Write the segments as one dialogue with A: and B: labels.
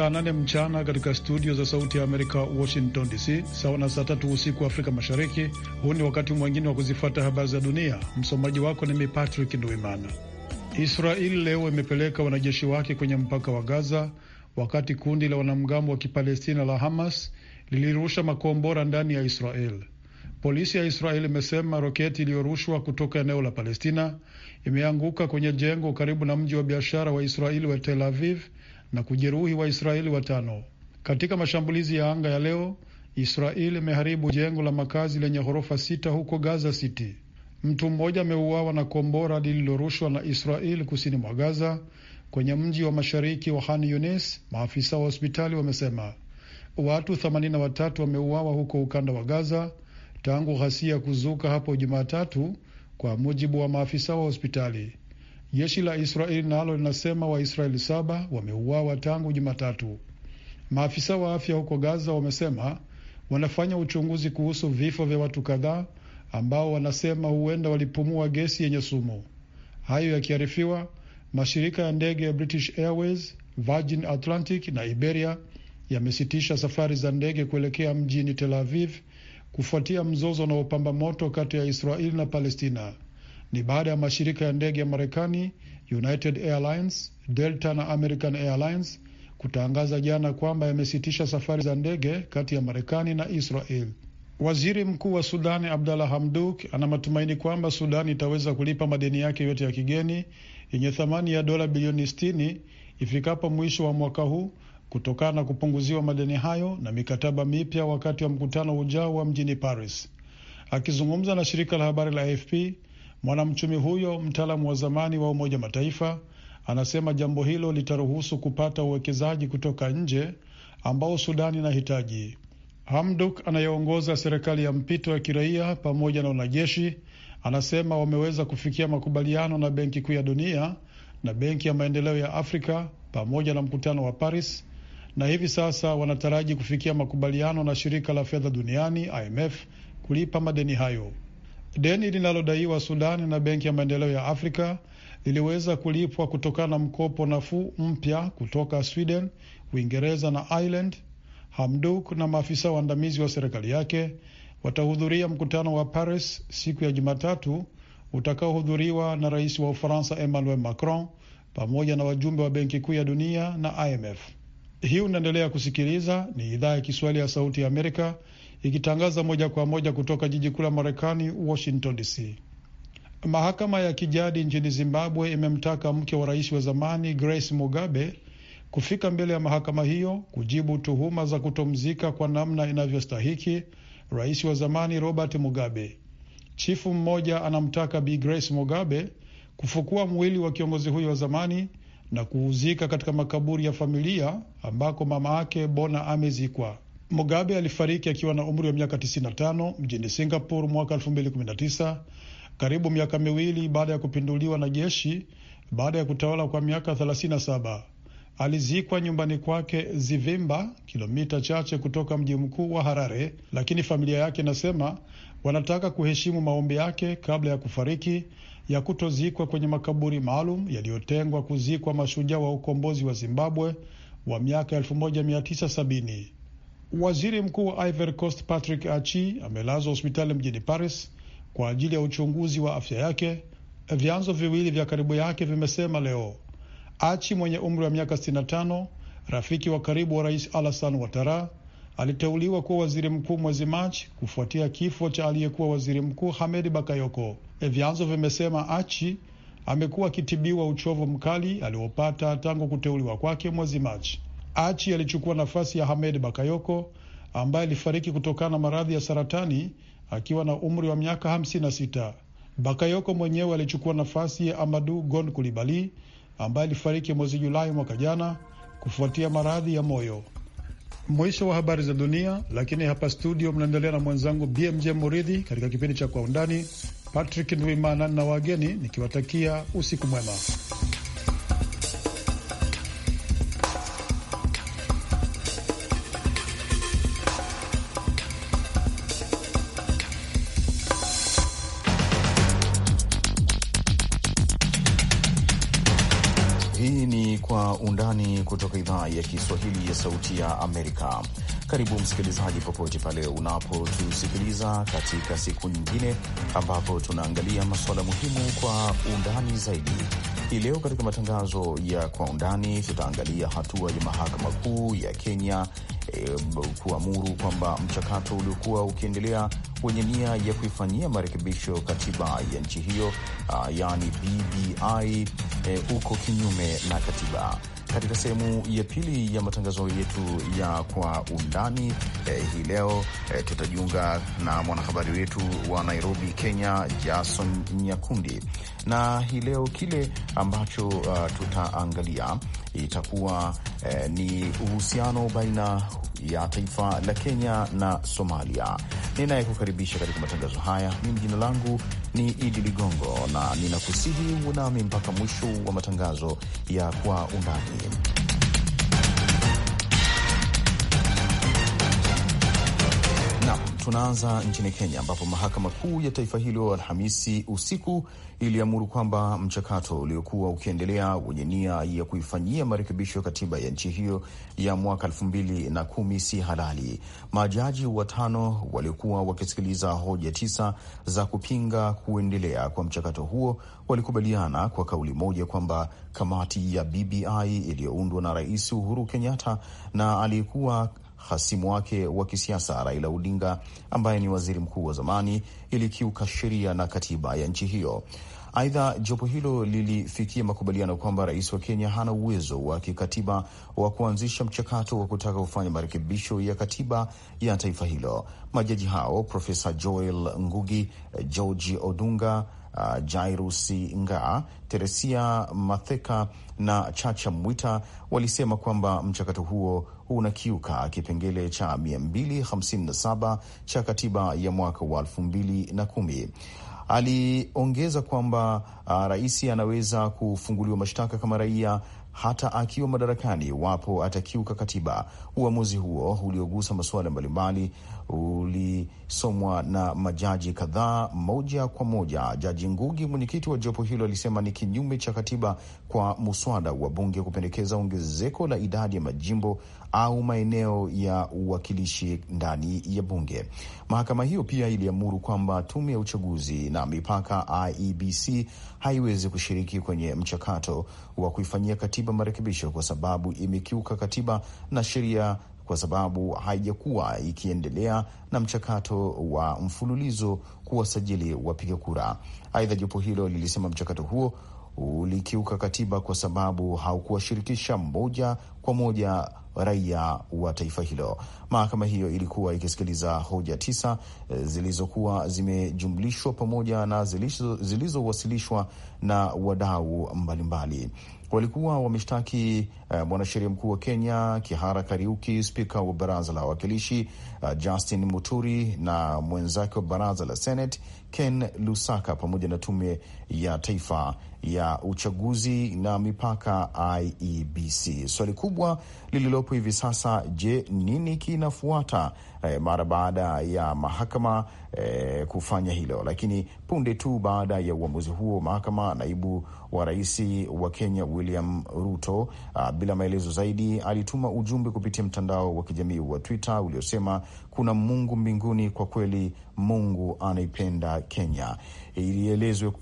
A: saa nane mchana katika studio za Sauti ya Amerika, Washington DC, sawa na saa tatu usiku Afrika Mashariki. Huu ni wakati mwengine wa kuzifuata habari za dunia. Msomaji wako ni mimi Patrick Nduimana. Israeli leo imepeleka wanajeshi wake kwenye mpaka wa Gaza wakati kundi la wanamgambo wa Kipalestina la Hamas lilirusha makombora ndani ya Israel. Polisi ya Israeli imesema roketi iliyorushwa kutoka eneo la Palestina imeanguka kwenye jengo karibu na mji wa biashara wa Israeli wa Tel Aviv na kujeruhi Waisraeli watano. Katika mashambulizi ya anga ya leo, Israeli imeharibu jengo la makazi lenye ghorofa sita huko Gaza City. Mtu mmoja ameuawa na kombora lililorushwa na Israeli kusini mwa Gaza, kwenye mji wa mashariki wa Khan Yunis, maafisa wa hospitali wamesema. Watu 83 wameuawa huko ukanda wa Gaza tangu ghasia kuzuka hapo Jumatatu, kwa mujibu wa maafisa wa hospitali. Jeshi la Israeli nalo linasema Waisraeli saba wameuawa tangu Jumatatu. Maafisa wa afya huko Gaza wamesema wanafanya uchunguzi kuhusu vifo vya watu kadhaa ambao wanasema huenda walipumua gesi yenye sumu. Hayo yakiarifiwa, mashirika ya ndege ya British Airways, Virgin Atlantic na Iberia yamesitisha safari za ndege kuelekea mjini Tel Aviv kufuatia mzozo unaopamba moto kati ya Israeli na Palestina ni baada ya mashirika ya ndege ya Marekani United Airlines, Delta na American Airlines kutangaza jana kwamba yamesitisha safari za ndege kati ya Marekani na Israel. Waziri Mkuu wa Sudani Abdallah Hamduk ana matumaini kwamba Sudani itaweza kulipa madeni yake yote ya kigeni yenye thamani ya dola bilioni 60 ifikapo mwisho wa mwaka huu kutokana na kupunguziwa madeni hayo na mikataba mipya wakati wa mkutano ujao wa mjini Paris. Akizungumza na shirika la habari la AFP, Mwanamchumi huyo mtaalamu wa zamani wa Umoja Mataifa anasema jambo hilo litaruhusu kupata uwekezaji kutoka nje ambao Sudani inahitaji. Hamduk anayeongoza serikali ya mpito ya kiraia pamoja na wanajeshi anasema wameweza kufikia makubaliano na Benki Kuu ya Dunia na Benki ya Maendeleo ya Afrika pamoja na mkutano wa Paris, na hivi sasa wanataraji kufikia makubaliano na Shirika la Fedha Duniani IMF kulipa madeni hayo. Deni linalodaiwa Sudani na Benki ya Maendeleo ya Afrika liliweza kulipwa kutokana na mkopo nafuu mpya kutoka Sweden, Uingereza na Ireland. Hamduk na maafisa waandamizi wa serikali yake watahudhuria mkutano wa Paris siku ya Jumatatu utakaohudhuriwa na rais wa Ufaransa Emmanuel Macron pamoja na wajumbe wa Benki Kuu ya Dunia na IMF. Hii unaendelea kusikiliza, ni idhaa ya Kiswahili ya Sauti ya Amerika ikitangaza moja kwa moja kutoka jiji kuu la Marekani, Washington DC. Mahakama ya kijadi nchini Zimbabwe imemtaka mke wa rais wa zamani Grace Mugabe kufika mbele ya mahakama hiyo kujibu tuhuma za kutomzika kwa namna inavyostahiki rais wa zamani Robert Mugabe. Chifu mmoja anamtaka Bi Grace Mugabe kufukua mwili wa kiongozi huyo wa zamani na kuuzika katika makaburi ya familia ambako mama yake Bona amezikwa. Mugabe alifariki akiwa na umri wa miaka 95 mjini Singapore mwaka 2019 karibu miaka miwili baada ya kupinduliwa na jeshi baada ya kutawala kwa miaka 37. Alizikwa nyumbani kwake Zivimba, kilomita chache kutoka mji mkuu wa Harare, lakini familia yake inasema wanataka kuheshimu maombi yake kabla ya kufariki ya kutozikwa kwenye makaburi maalum yaliyotengwa kuzikwa mashujaa wa ukombozi wa Zimbabwe wa miaka 1970. Waziri mkuu wa Ivory Coast Patrick Achi amelazwa hospitali mjini Paris kwa ajili ya uchunguzi wa afya yake, vyanzo viwili vya karibu yake vimesema leo. Achi mwenye umri wa miaka 65, rafiki wa karibu wa rais Alassane Ouattara, aliteuliwa kuwa waziri mkuu mwezi Machi kufuatia kifo cha aliyekuwa waziri mkuu Hamedi Bakayoko. Vyanzo vimesema Achi amekuwa akitibiwa uchovu mkali aliopata tangu kuteuliwa kwake mwezi Machi. Achi alichukua nafasi ya Hamed Bakayoko ambaye alifariki kutokana na maradhi ya saratani akiwa na umri wa miaka 56. Bakayoko mwenyewe alichukua nafasi ya Amadu Gon Kulibali ambaye alifariki mwezi Julai mwaka jana kufuatia maradhi ya moyo. Mwisho wa habari za dunia, lakini hapa studio mnaendelea na mwenzangu BMJ Muridhi katika kipindi cha Kwa Undani. Patrick Ndwimana na wageni nikiwatakia usiku mwema.
B: idhaa ya Kiswahili ya Sauti ya Amerika. Karibu msikilizaji, popote pale unapotusikiliza katika siku nyingine ambapo tunaangalia masuala muhimu kwa undani zaidi. Hii leo katika matangazo ya kwa undani tutaangalia hatua ya mahakama kuu ya Kenya e, kuamuru kwamba mchakato uliokuwa ukiendelea wenye nia ya kuifanyia marekebisho katiba ya nchi hiyo, ah, yaani BBI, e, eh, uko kinyume na katiba katika sehemu ya pili ya matangazo yetu ya kwa undani eh, hii leo eh, tutajiunga na mwanahabari wetu wa Nairobi, Kenya, Jason Nyakundi, na hii leo kile ambacho uh, tutaangalia itakuwa eh, ni uhusiano baina ya taifa la Kenya na Somalia. Ninayekukaribisha katika matangazo haya, mimi jina langu ni Idi Ligongo na ninakusihi unami mpaka mwisho wa matangazo ya Kwa Undani. Tunaanza nchini Kenya ambapo mahakama kuu ya taifa hilo Alhamisi usiku iliamuru kwamba mchakato uliokuwa ukiendelea wenye nia ya kuifanyia marekebisho ya katiba ya nchi hiyo ya mwaka elfu mbili na kumi si halali. Majaji watano waliokuwa wakisikiliza hoja tisa za kupinga kuendelea kwa mchakato huo walikubaliana kwa kauli moja kwamba kamati ya BBI iliyoundwa na Rais Uhuru Kenyatta na aliyekuwa hasimu wake wa kisiasa Raila Odinga ambaye ni waziri mkuu wa zamani ilikiuka sheria na katiba ya nchi hiyo. Aidha, jopo hilo lilifikia makubaliano kwamba rais wa Kenya hana uwezo wa kikatiba wa kuanzisha mchakato wa kutaka kufanya marekebisho ya katiba ya taifa hilo. Majaji hao Profesa Joel Ngugi, George Odunga uh, Jairus Nga, Teresia Matheka na Chacha Mwita walisema kwamba mchakato huo unakiuka kipengele cha 257 cha katiba ya mwaka wa 2010. Aliongeza kwamba uh, rais anaweza kufunguliwa mashtaka kama raia hata akiwa madarakani iwapo atakiuka katiba. Uamuzi huo uliogusa masuala mbalimbali uli kusomwa na majaji kadhaa moja kwa moja. Jaji Ngugi, mwenyekiti wa jopo hilo, alisema ni kinyume cha katiba kwa muswada wa bunge kupendekeza ongezeko la idadi ya majimbo au maeneo ya uwakilishi ndani ya bunge. Mahakama hiyo pia iliamuru kwamba tume ya uchaguzi na mipaka IEBC haiwezi kushiriki kwenye mchakato wa kuifanyia katiba marekebisho kwa sababu imekiuka katiba na sheria kwa sababu haijakuwa ikiendelea na mchakato wa mfululizo kuwasajili wapiga kura. Aidha, jopo hilo lilisema mchakato huo ulikiuka katiba kwa sababu haukuwashirikisha moja kwa moja raia wa taifa hilo. Mahakama hiyo ilikuwa ikisikiliza hoja tisa eh, zilizokuwa zimejumlishwa pamoja na zilizowasilishwa na wadau mbalimbali walikuwa wameshtaki uh, mwanasheria mkuu wa Kenya Kihara Kariuki, spika wa baraza la wawakilishi uh, Justin Muturi na mwenzake wa baraza la Senate Ken Lusaka, pamoja na tume ya taifa ya uchaguzi na mipaka IEBC. Swali kubwa lililopo hivi sasa, je, nini kinafuata eh, mara baada ya mahakama eh, kufanya hilo? Lakini punde tu baada ya uamuzi huo, mahakama naibu wa rais wa Kenya William Ruto, uh, bila maelezo zaidi, alituma ujumbe kupitia mtandao wa kijamii wa Twitter uliosema kuna Mungu mbinguni, kwa kweli Mungu anaipenda Kenya.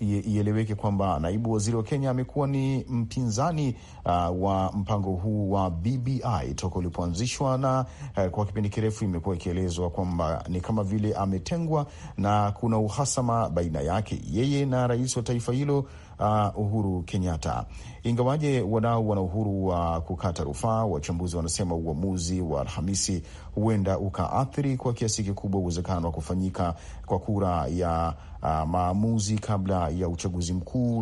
B: ieleweke kwamba naibu waziri wa Kenya amekuwa ni mpinzani uh, wa mpango huu wa BBI toka ulipoanzishwa, na uh, kwa kipindi kirefu imekuwa ikielezwa kwamba ni kama vile ametengwa na kuna uhasama baina yake yeye na rais wa taifa hilo uh, Uhuru Kenyatta. Ingawaje wadau wana uhuru wa kukata rufaa, wachambuzi wanasema uamuzi wa Alhamisi huenda ukaathiri kwa kiasi kikubwa uwezekano wa kufanyika kwa kura ya uh, maamuzi kabla ya uchaguzi mkuu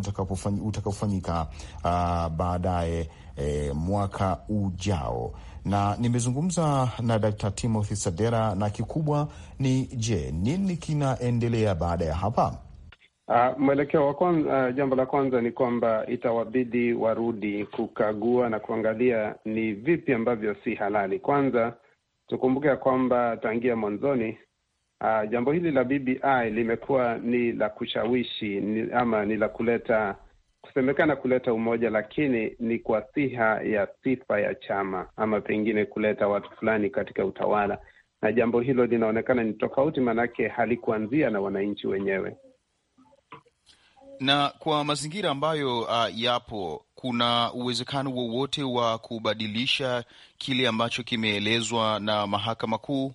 B: utakaofanyika uh, baadaye E, mwaka ujao na nimezungumza na Dkt. Timothy Sadera, na kikubwa ni je, nini kinaendelea baada ya hapa?
C: Uh, mwelekeo wa kwanza, uh, jambo la kwanza ni kwamba itawabidi warudi kukagua na kuangalia ni vipi ambavyo si halali. Kwanza tukumbuke ya kwamba tangia mwanzoni, uh, jambo hili la BBI limekuwa ni la kushawishi ni, ama ni la kuleta kusemekana kuleta umoja, lakini ni kwa siha ya sifa ya chama ama pengine kuleta watu fulani katika utawala, na jambo hilo linaonekana ni tofauti, maanake halikuanzia na wananchi wenyewe
B: na kwa mazingira ambayo uh, yapo, kuna uwezekano wowote wa kubadilisha kile ambacho kimeelezwa na mahakama kuu?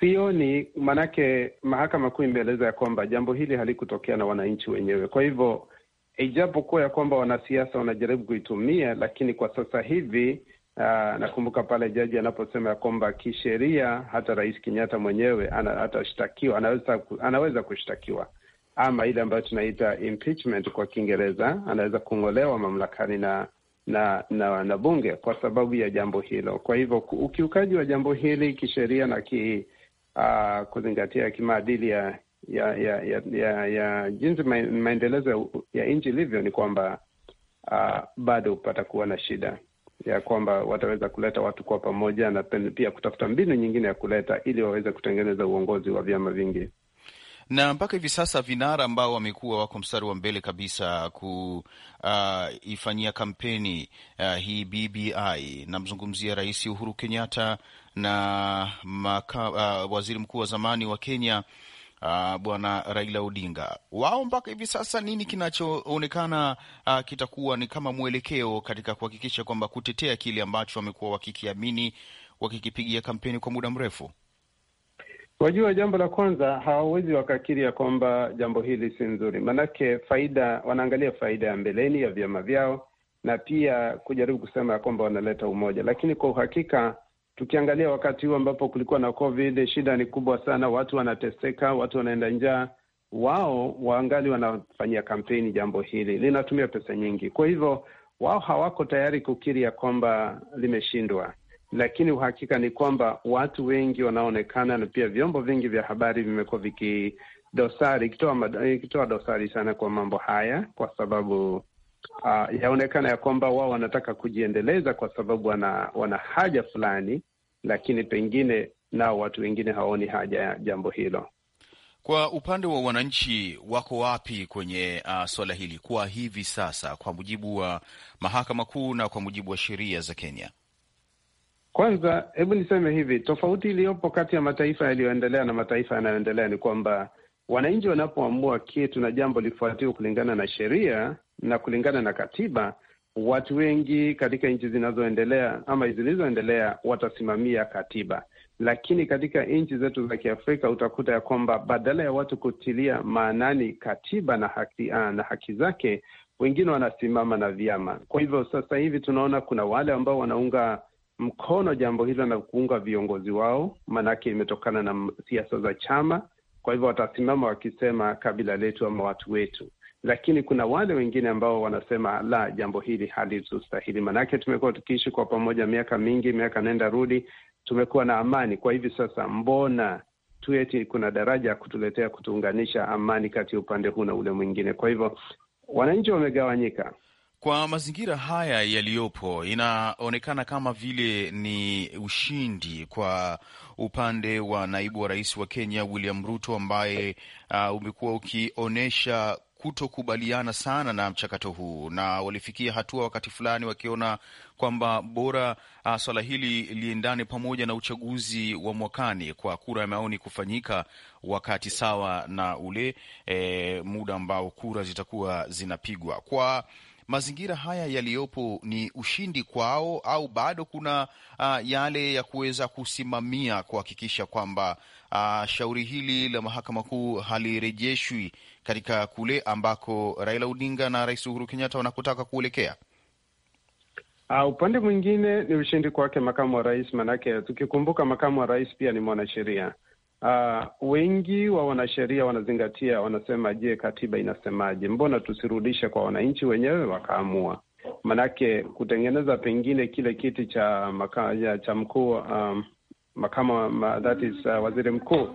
C: Sioni, maanake mahakama kuu imeeleza ya kwamba jambo hili halikutokea na wananchi wenyewe. Kwa hivyo ijapokuwa ya kwamba wanasiasa wanajaribu kuitumia, lakini kwa sasa hivi Uh, nakumbuka pale jaji anaposema ya kwamba kisheria hata Rais Kenyatta mwenyewe ana, atashtakiwa anaweza, anaweza kushtakiwa ama ile ambayo tunaita impeachment kwa Kiingereza, anaweza kung'olewa mamlakani na na, na na bunge kwa sababu ya jambo hilo. Kwa hivyo ukiukaji wa jambo hili kisheria na ki, uh, kuzingatia kimaadili ya ya ya, ya, ya, ya jinsi maendelezo ya nchi ilivyo ni kwamba uh, bado hupata kuwa na shida ya kwamba wataweza kuleta watu kwa pamoja na pia kutafuta mbinu nyingine ya kuleta ili waweze kutengeneza uongozi wa vyama vingi
B: na mpaka hivi sasa vinara ambao wamekuwa wako mstari wa mbele kabisa kuifanyia uh, kampeni uh, hii BBI, namzungumzia Rais Uhuru Kenyatta na maka, uh, waziri mkuu wa zamani wa Kenya Uh, Bwana Raila Odinga, wao mpaka hivi sasa nini kinachoonekana uh, kitakuwa ni kama mwelekeo katika kuhakikisha kwamba kutetea kile ambacho wamekuwa wakikiamini wakikipigia kampeni kwa muda mrefu?
C: Wajua, jambo la kwanza hawawezi ya kwamba jambo hili si nzuri, maanake faida, wanaangalia faida ya mbeleni ya vyama vyao na pia kujaribu kusema ya kwamba wanaleta umoja, lakini kwa uhakika tukiangalia wakati huu ambapo kulikuwa na COVID, shida ni kubwa sana, watu wanateseka, watu wanaenda njaa, wao waangali wanafanyia kampeni. Jambo hili linatumia pesa nyingi, kwa hivyo wao hawako tayari kukiri ya kwamba limeshindwa lakini uhakika ni kwamba watu wengi wanaonekana na pia vyombo vingi vya habari vimekuwa vikidosari, ikitoa ikitoa dosari sana kwa mambo haya, kwa sababu uh, yaonekana ya kwamba wao wanataka kujiendeleza kwa sababu wana, wana haja fulani, lakini pengine nao watu wengine hawaoni haja ya jambo hilo.
B: Kwa upande wa wananchi wako wapi kwenye uh, ah, suala hili kwa hivi sasa, kwa mujibu wa mahakama kuu na kwa mujibu wa sheria za Kenya?
C: Kwanza hebu niseme hivi, tofauti iliyopo kati ya mataifa yaliyoendelea na mataifa yanayoendelea ni kwamba wananchi wanapoamua kitu na jambo lifuatiwe kulingana na sheria na kulingana na katiba, watu wengi katika nchi zinazoendelea ama zilizoendelea watasimamia katiba. Lakini katika nchi zetu za Kiafrika utakuta ya kwamba badala ya watu kutilia maanani katiba na haki, ah, na haki zake, wengine wanasimama na vyama. Kwa hivyo sasa hivi tunaona kuna wale ambao wanaunga mkono jambo hilo na kuunga viongozi wao, maanake imetokana na siasa za chama. Kwa hivyo watasimama wakisema kabila letu ama watu wetu, lakini kuna wale wengine ambao wanasema la, jambo hili halitustahili, maanake tumekuwa tukiishi kwa pamoja miaka mingi, miaka nenda rudi, tumekuwa na amani. Kwa hivi sasa mbona tueti kuna daraja ya kutuletea kutuunganisha amani kati ya upande huu na ule mwingine? Kwa hivyo wananchi wamegawanyika
B: kwa mazingira haya yaliyopo, inaonekana kama vile ni ushindi kwa upande wa naibu wa rais wa Kenya William Ruto ambaye uh, umekuwa ukionyesha kutokubaliana sana na mchakato huu, na walifikia hatua wakati fulani wakiona kwamba bora uh, swala hili liendane pamoja na uchaguzi wa mwakani kwa kura ya maoni kufanyika wakati sawa na ule eh, muda ambao kura zitakuwa zinapigwa kwa mazingira haya yaliyopo ni ushindi kwao au bado kuna uh, yale ya kuweza kusimamia kuhakikisha kwamba uh, shauri hili la mahakama kuu halirejeshwi katika kule ambako Raila Odinga na Rais Uhuru Kenyatta wanakotaka kuelekea?
C: Uh, upande mwingine ni ushindi kwake makamu wa rais, manake tukikumbuka makamu wa rais pia ni mwanasheria Uh, wengi wa wanasheria wanazingatia, wanasema je, katiba inasemaje? Mbona tusirudishe kwa wananchi wenyewe wakaamua? Manake kutengeneza pengine kile kiti cha maka, cha mkuu um, makama ma, that is, uh, waziri mkuu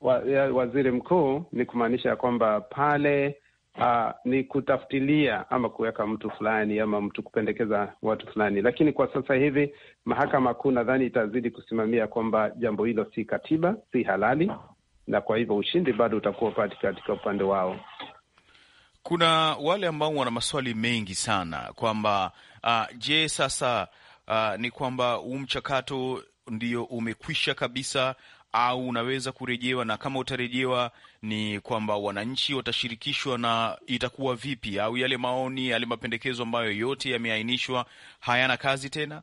C: wa, ya, waziri mkuu ni kumaanisha kwamba pale uh, ni kutafutilia ama kuweka mtu fulani ama mtu kupendekeza watu fulani, lakini kwa sasa hivi mahakama kuu nadhani itazidi kusimamia kwamba jambo hilo si katiba, si halali, na kwa hivyo ushindi bado utakuwa pati katika upande wao.
B: Kuna wale ambao wana maswali mengi sana kwamba uh, je, sasa uh, ni kwamba huu mchakato ndio umekwisha kabisa au unaweza kurejewa, na kama utarejewa ni kwamba wananchi watashirikishwa na itakuwa vipi, au yale maoni, yale mapendekezo ambayo yote yameainishwa hayana kazi tena?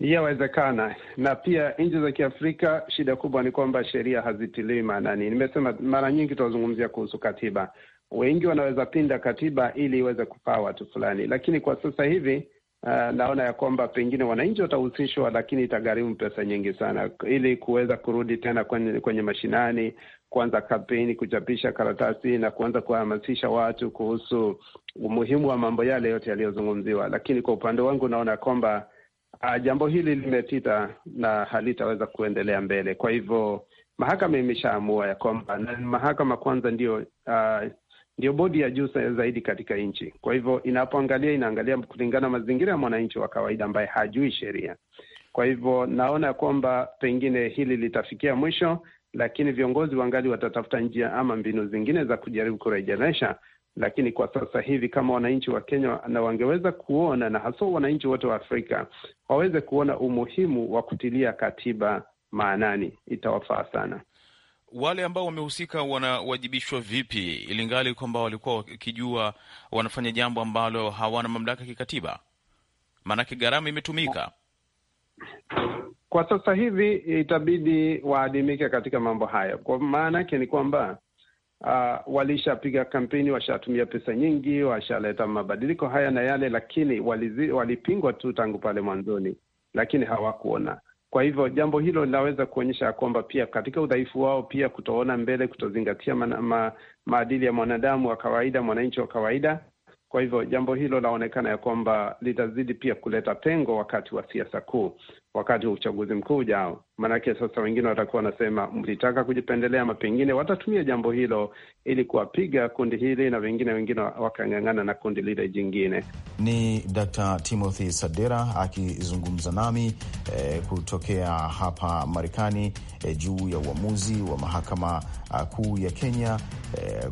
C: Yawezekana. Na pia nchi za Kiafrika, shida kubwa ni kwamba sheria hazitilii maanani. Nimesema mara nyingi, tunazungumzia kuhusu katiba, wengi wanaweza pinda katiba ili iweze kupaa watu fulani, lakini kwa sasa hivi uh, naona ya kwamba pengine wananchi watahusishwa, lakini itagharimu pesa nyingi sana ili kuweza kurudi tena kwenye, kwenye mashinani, kuanza kampeni, kuchapisha karatasi na kuanza kuhamasisha watu kuhusu umuhimu wa mambo yale yote yaliyozungumziwa. Lakini kwa upande wangu naona kwamba uh, jambo hili limetita na halitaweza kuendelea mbele. Kwa hivyo mahakama imeshaamua ya kwamba na mahakama kwanza ndiyo uh, eh, ndio bodi ya juu zaidi katika nchi. Kwa hivyo inapoangalia, inaangalia kulingana mazingira ya mwananchi wa kawaida ambaye hajui sheria. Kwa hivyo naona kwamba pengine hili litafikia mwisho, lakini viongozi wangali watatafuta njia ama mbinu zingine za kujaribu kurejelesha. Lakini kwa sasa hivi kama wananchi wa Kenya na wangeweza kuona na haswa wananchi wote wa Afrika waweze kuona umuhimu wa kutilia katiba maanani, itawafaa sana
B: wale ambao wamehusika wanawajibishwa vipi, ilingali kwamba walikuwa wakijua wanafanya jambo ambalo hawana mamlaka kikatiba? Maanake gharama imetumika.
C: Kwa sasa hivi itabidi waadimike katika mambo hayo. Kwa maana yake ni kwamba uh, walishapiga kampeni, washatumia pesa nyingi, washaleta mabadiliko haya na yale, lakini walizi, walipingwa tu tangu pale mwanzoni, lakini hawakuona kwa hivyo jambo hilo linaweza kuonyesha ya kwamba pia katika udhaifu wao pia kutoona mbele, kutozingatia ma, ma, maadili ya mwanadamu wa kawaida, mwananchi wa kawaida. Kwa hivyo jambo hilo laonekana ya kwamba litazidi pia kuleta pengo wakati wa siasa kuu wakati wa uchaguzi mkuu ujao. Maanake sasa wengine watakuwa wanasema mlitaka kujipendelea, ma pengine watatumia jambo hilo ili kuwapiga kundi hili na wengine wengine wakang'ang'ana na kundi lile jingine.
B: Ni d Timothy Sadera akizungumza nami eh, kutokea hapa Marekani eh, juu ya uamuzi wa mahakama ah, kuu ya Kenya eh,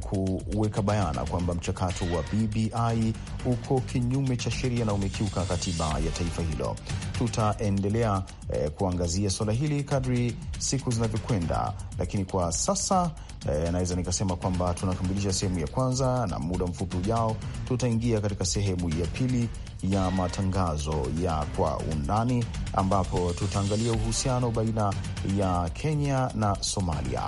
B: kuweka bayana kwamba mchakato wa BBI uko kinyume cha sheria na umekiuka katiba ya taifa hilo. Tutaendelea eh, kuangazia suala hili kadri siku zinavyokwenda, lakini kwa sasa eh, naweza nikasema kwamba tunakamilisha sehemu ya kwanza, na muda mfupi ujao tutaingia katika sehemu ya pili ya matangazo ya kwa undani, ambapo tutaangalia uhusiano baina ya Kenya na Somalia.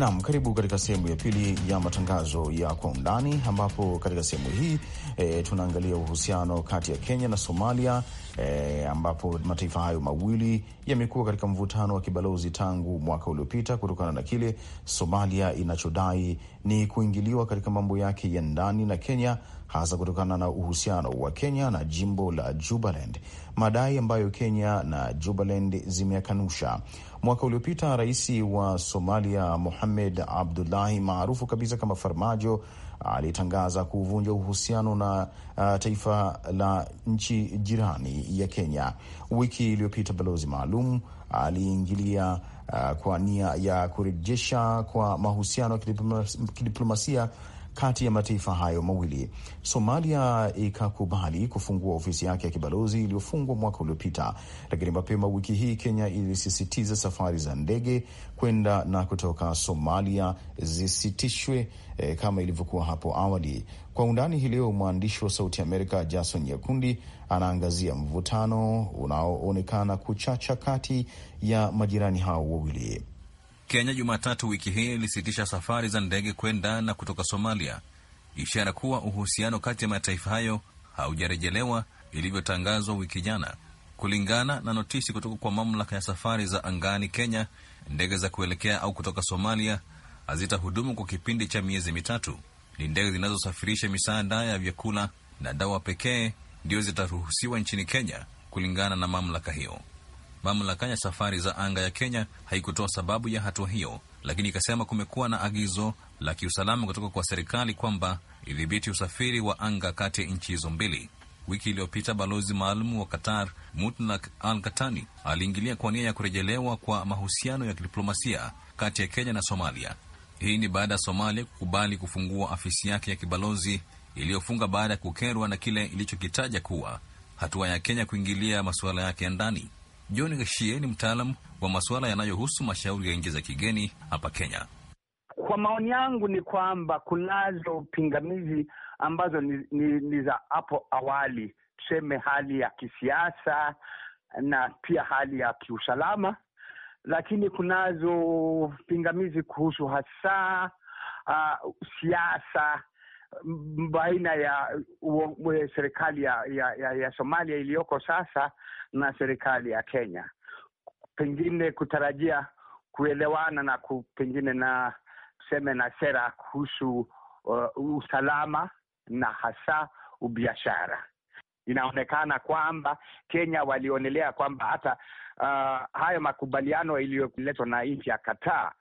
B: Naam, karibu katika sehemu ya pili ya matangazo ya kwa undani, ambapo katika sehemu hii e, tunaangalia uhusiano kati ya Kenya na Somalia e, ambapo mataifa hayo mawili yamekuwa katika mvutano wa kibalozi tangu mwaka uliopita kutokana na kile Somalia inachodai ni kuingiliwa katika mambo yake ya ndani na Kenya hasa kutokana na uhusiano wa Kenya na jimbo la Jubaland, madai ambayo Kenya na Jubaland zimeyakanusha. Mwaka uliopita rais wa Somalia Mohamed Abdullahi maarufu kabisa kama Farmajo alitangaza kuvunja uhusiano na uh, taifa la nchi jirani ya Kenya. Wiki iliyopita balozi maalum aliingilia uh, kwa nia ya kurejesha kwa mahusiano ya kidiplomasia kati ya mataifa hayo mawili. Somalia ikakubali kufungua ofisi yake ya kibalozi iliyofungwa mwaka uliopita, lakini mapema wiki hii Kenya ilisisitiza safari za ndege kwenda na kutoka Somalia zisitishwe eh, kama ilivyokuwa hapo awali. Kwa undani hii leo, mwandishi wa Sauti Amerika Jason Nyakundi anaangazia mvutano unaoonekana kuchacha kati ya majirani
D: hao wawili. Kenya Jumatatu wiki hii ilisitisha safari za ndege kwenda na kutoka Somalia, ishara kuwa uhusiano kati ya mataifa hayo haujarejelewa ilivyotangazwa wiki jana. Kulingana na notisi kutoka kwa mamlaka ya safari za angani Kenya, ndege za kuelekea au kutoka Somalia hazitahudumu kwa kipindi cha miezi mitatu. Ni ndege zinazosafirisha misaada ya vyakula na dawa pekee ndio zitaruhusiwa nchini Kenya, kulingana na mamlaka hiyo. Mamlaka ya safari za anga ya Kenya haikutoa sababu ya hatua hiyo, lakini ikasema kumekuwa na agizo la kiusalama kutoka kwa serikali kwamba idhibiti usafiri wa anga kati ya nchi hizo mbili. Wiki iliyopita balozi maalum wa Qatar Mutlak Al Katani aliingilia kwa nia ya kurejelewa kwa mahusiano ya kidiplomasia kati ya Kenya na Somalia. Hii ni baada ya Somalia kukubali kufungua afisi yake ya kibalozi iliyofunga baada ya kukerwa na kile ilichokitaja kuwa hatua ya Kenya kuingilia masuala yake ya ndani. John Gashie ni mtaalam wa masuala yanayohusu mashauri ya nchi za kigeni hapa Kenya.
E: Kwa maoni yangu ni kwamba kunazo pingamizi ambazo ni, ni, ni za hapo awali, tuseme hali ya kisiasa na pia hali ya kiusalama, lakini kunazo pingamizi kuhusu hasa uh, siasa baina ya serikali ya, ya, ya, ya Somalia iliyoko sasa na serikali ya Kenya, pengine kutarajia kuelewana na pengine na tuseme na sera kuhusu uh, usalama na hasa ubiashara. Inaonekana kwamba Kenya walionelea kwamba hata uh, hayo makubaliano iliyoletwa na nchi ya kataa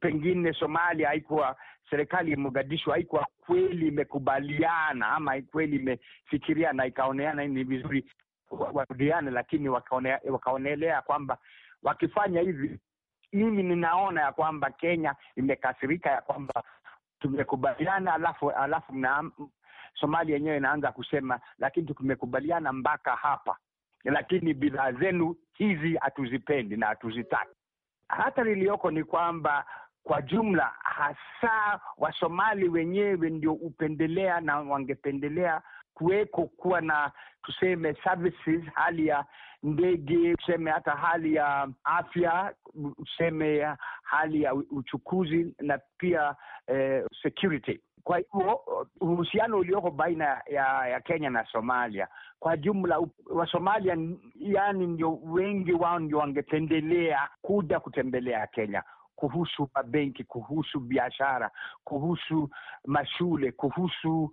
E: pengine Somalia haikuwa serikali Mogadishu haikuwa kweli imekubaliana ama kweli imefikiria na ikaoneana ni vizuri warudiane, lakini wakaone, wakaonelea kwamba wakifanya hivi, mimi ninaona ya kwamba Kenya imekasirika ya kwamba tumekubaliana, alafu alafu na Somalia yenyewe inaanza kusema lakini tumekubaliana mpaka hapa, lakini bidhaa zenu hizi hatuzipendi na hatuzitaki. Hatari iliyoko ni kwamba kwa jumla, hasa Wasomali wenyewe ndio hupendelea na wangependelea kuweko kuwa na tuseme services, hali ya ndege, tuseme hata hali ya afya, tuseme hali ya uchukuzi na pia eh, security. Kwa hivyo uhusiano ulioko baina ya, ya Kenya na Somalia kwa jumla, Wasomalia yani ndio wengi wao ndio wangependelea kuja kutembelea Kenya kuhusu mabenki, kuhusu biashara, kuhusu mashule, kuhusu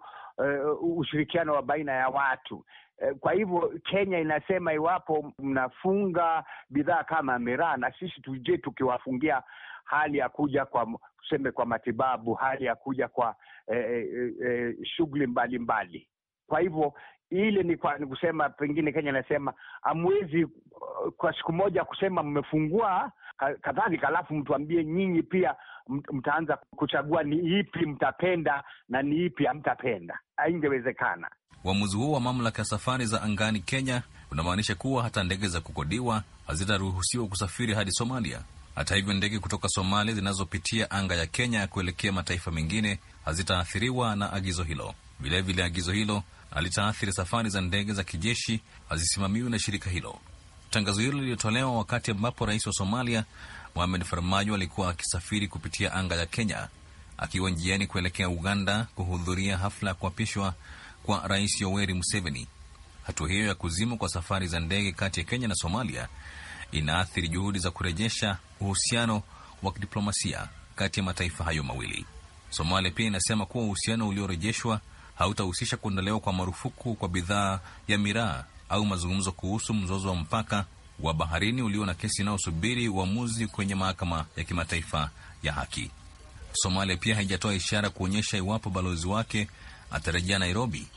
E: uh, ushirikiano wa baina ya watu. Uh, kwa hivyo Kenya inasema iwapo mnafunga bidhaa kama miraa, na sisi tuje tukiwafungia hali ya kuja kwa tuseme kwa matibabu, hali ya kuja kwa eh, eh, eh shughuli mbalimbali. Kwa hivyo ile ni, kwa, ni kusema pengine Kenya inasema hamwezi uh, kwa siku moja kusema mmefungua kadhalika, alafu mtuambie nyinyi pia mtaanza kuchagua ni ipi mtapenda na ni ipi hamtapenda. Haingewezekana.
D: Uamuzi huo wa mamlaka ya safari za angani Kenya unamaanisha kuwa hata ndege za kukodiwa hazitaruhusiwa kusafiri hadi Somalia. Hata hivyo, ndege kutoka Somalia zinazopitia anga ya Kenya kuelekea mataifa mengine hazitaathiriwa na agizo hilo. Vilevile, agizo hilo alitaathiri safari za ndege za kijeshi hazisimamiwi na shirika hilo. Tangazo hilo lilitolewa wakati ambapo rais wa Somalia Mohamed Farmajo alikuwa akisafiri kupitia anga ya Kenya akiwa njiani kuelekea Uganda kuhudhuria hafla ya kuapishwa kwa Rais Yoweri Museveni. Hatua hiyo ya kuzimwa kwa safari za ndege kati ya Kenya na Somalia inaathiri juhudi za kurejesha uhusiano wa kidiplomasia kati ya mataifa hayo mawili. Somalia pia inasema kuwa uhusiano uliorejeshwa hautahusisha kuondolewa kwa marufuku kwa bidhaa ya miraa au mazungumzo kuhusu mzozo wa mpaka wa baharini ulio na kesi inayosubiri uamuzi kwenye mahakama ya kimataifa ya haki. Somalia pia haijatoa ishara kuonyesha iwapo balozi wake atarejea Nairobi.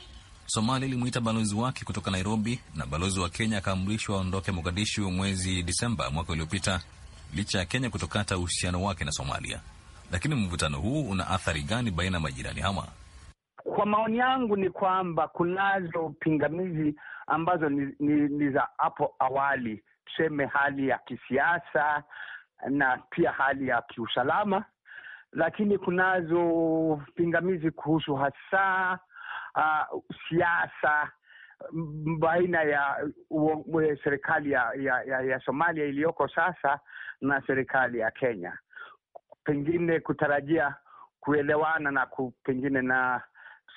D: Somalia ilimuita balozi wake kutoka Nairobi na balozi wa Kenya akaamrishwa aondoke Mogadishu mwezi Disemba mwaka uliopita, licha ya Kenya kutokata uhusiano wake na Somalia. Lakini mvutano huu una athari gani baina ya majirani hawa?
E: Kwa maoni yangu ni kwamba kunazo pingamizi ambazo ni, ni, ni za hapo awali, tuseme hali ya kisiasa na pia hali ya kiusalama, lakini kunazo pingamizi kuhusu hasa uh, siasa baina ya serikali ya, ya, ya, ya Somalia iliyoko sasa na serikali ya Kenya, pengine kutarajia kuelewana na pengine na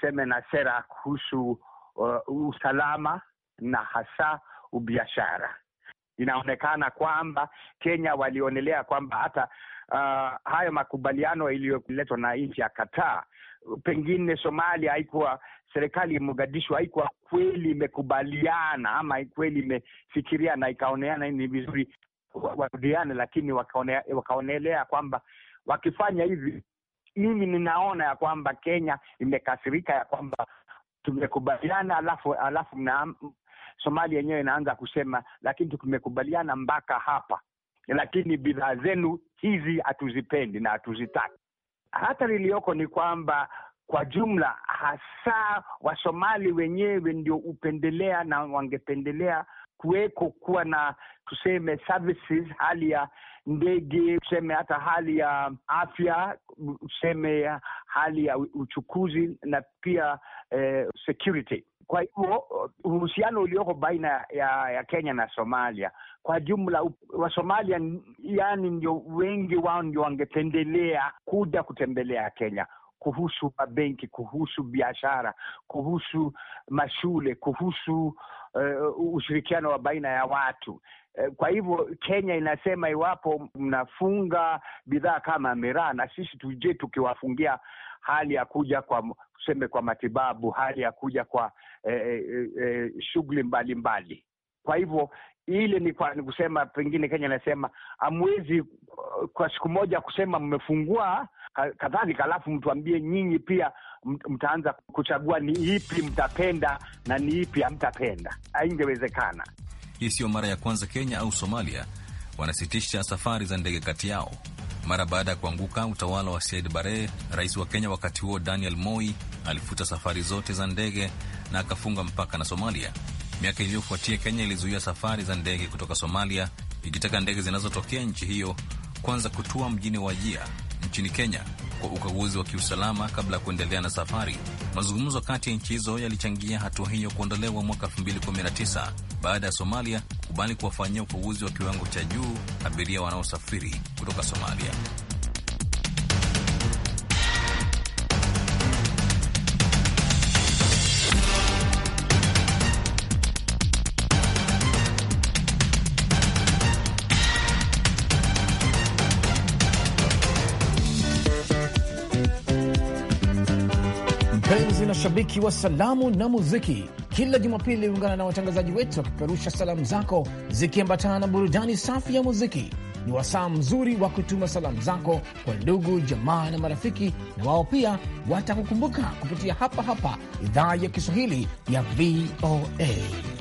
E: tuseme na sera kuhusu uh, usalama na hasa ubiashara. Inaonekana kwamba Kenya walionelea kwamba hata uh, hayo makubaliano iliyoletwa na nchi ya kataa pengine Somalia haikuwa serikali Mogadishu haikuwa kweli imekubaliana ama kweli imefikiria na ikaoneana ni vizuri warudiane, lakini wakaone, wakaonelea kwamba wakifanya hivi mimi ninaona ya kwamba Kenya imekasirika ya kwamba tumekubaliana, alafu alafu na Somalia yenyewe inaanza kusema lakini tumekubaliana mpaka hapa, lakini bidhaa zenu hizi hatuzipendi na hatuzitaki. Hatari iliyoko ni kwamba kwa jumla, hasa Wasomali wenyewe ndio hupendelea na wangependelea kuweko kuwa na tuseme services, hali ya ndege, tuseme hata hali ya afya, tuseme hali ya uchukuzi na pia eh, security. Kwa hivyo uhusiano ulioko baina ya, ya Kenya na Somalia kwa jumla, Wasomalia yani ndio wengi wao ndio wangependelea kuja kutembelea Kenya kuhusu mabenki, kuhusu biashara, kuhusu mashule, kuhusu uh, ushirikiano wa baina ya watu. Uh, kwa hivyo Kenya inasema iwapo mnafunga bidhaa kama miraa, na sisi tuje tukiwafungia hali ya kuja kwa tuseme kwa matibabu, hali ya kuja kwa eh, eh, eh, eh shughuli mbalimbali. Kwa hivyo ile ni kwa ni kusema pengine Kenya inasema hamwezi uh, kwa siku moja kusema mmefungua kadhalika. Alafu mtuambie nyinyi pia mtaanza kuchagua ni ipi mtapenda na ni ipi hamtapenda. Haingewezekana.
D: Hii siyo mara ya kwanza Kenya au Somalia wanasitisha safari za ndege kati yao mara baada ya kuanguka utawala wa sid Barre. Rais wa Kenya wakati huo Daniel Moi alifuta safari zote za ndege na akafunga mpaka na Somalia. Miaka iliyofuatia Kenya ilizuia safari za ndege kutoka Somalia, ikitaka ndege zinazotokea nchi hiyo kwanza kutua mjini Wajia nchini Kenya kwa ukaguzi wa kiusalama kabla ya kuendelea na safari. Mazungumzo kati ya nchi hizo yalichangia hatua hiyo kuondolewa mwaka 2019 baada ya Somalia kukubali kuwafanyia ukaguzi wa kiwango cha juu abiria wanaosafiri kutoka Somalia.
B: mpenzi na shabiki wa salamu na muziki, kila Jumapili ungana na watangazaji
E: wetu wakipeperusha salamu zako zikiambatana na burudani safi ya muziki. Ni wasaa mzuri wa kutuma salamu zako kwa ndugu, jamaa na marafiki, na wao pia watakukumbuka kupitia hapa hapa idhaa ya Kiswahili ya VOA.